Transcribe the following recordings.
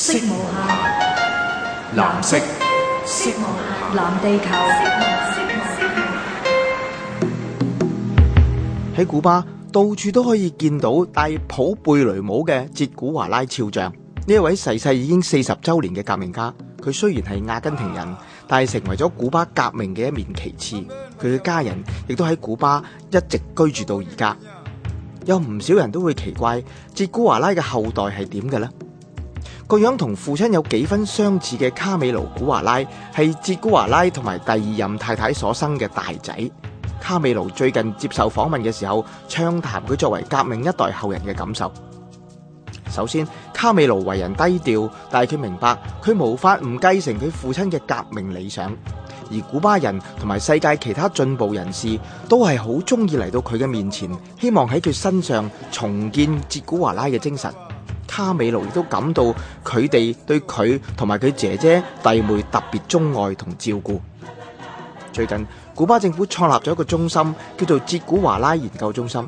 色無限，藍色，色，母藍色，色母，藍地球。喺古巴，到處都可以見到戴普貝雷帽嘅哲古華拉肖像。呢一位逝世已經四十週年嘅革命家，佢雖然係阿根廷人，但係成為咗古巴革命嘅一面旗幟。佢嘅家人亦都喺古巴一直居住到而家。有唔少人都會奇怪，哲古華拉嘅後代係點嘅呢？個樣同父親有幾分相似嘅卡美盧古華拉，係哲古華拉同埋第二任太太所生嘅大仔。卡美盧最近接受訪問嘅時候，暢談佢作為革命一代後人嘅感受。首先，卡美盧為人低調，但係佢明白佢無法唔繼承佢父親嘅革命理想。而古巴人同埋世界其他進步人士都係好中意嚟到佢嘅面前，希望喺佢身上重建哲古華拉嘅精神。卡美盧亦都感到佢哋對佢同埋佢姐姐弟妹特別鍾愛同照顧。最近古巴政府創立咗一個中心，叫做哲古華拉研究中心。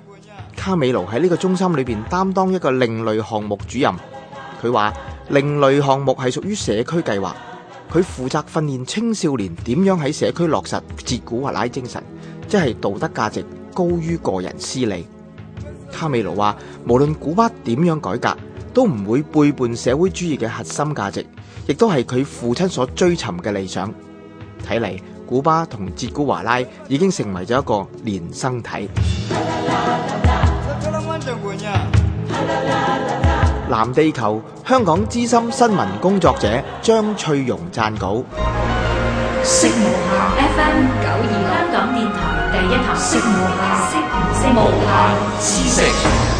卡美盧喺呢個中心裏邊擔當一個另類項目主任。佢話另類項目係屬於社區計劃，佢負責訓練青少年點樣喺社區落實哲古華拉精神，即係道德價值高於個人私利。卡美盧話，無論古巴點樣改革。都唔會背叛社會主義嘅核心價值，亦都係佢父親所追尋嘅理想。睇嚟，古巴同哲古華拉已經成為咗一個連生體。藍地球，香港資深新聞工作者張翠蓉撰稿。識無限 FM 九二六，香港電台第一台，識無限，識無限，知識。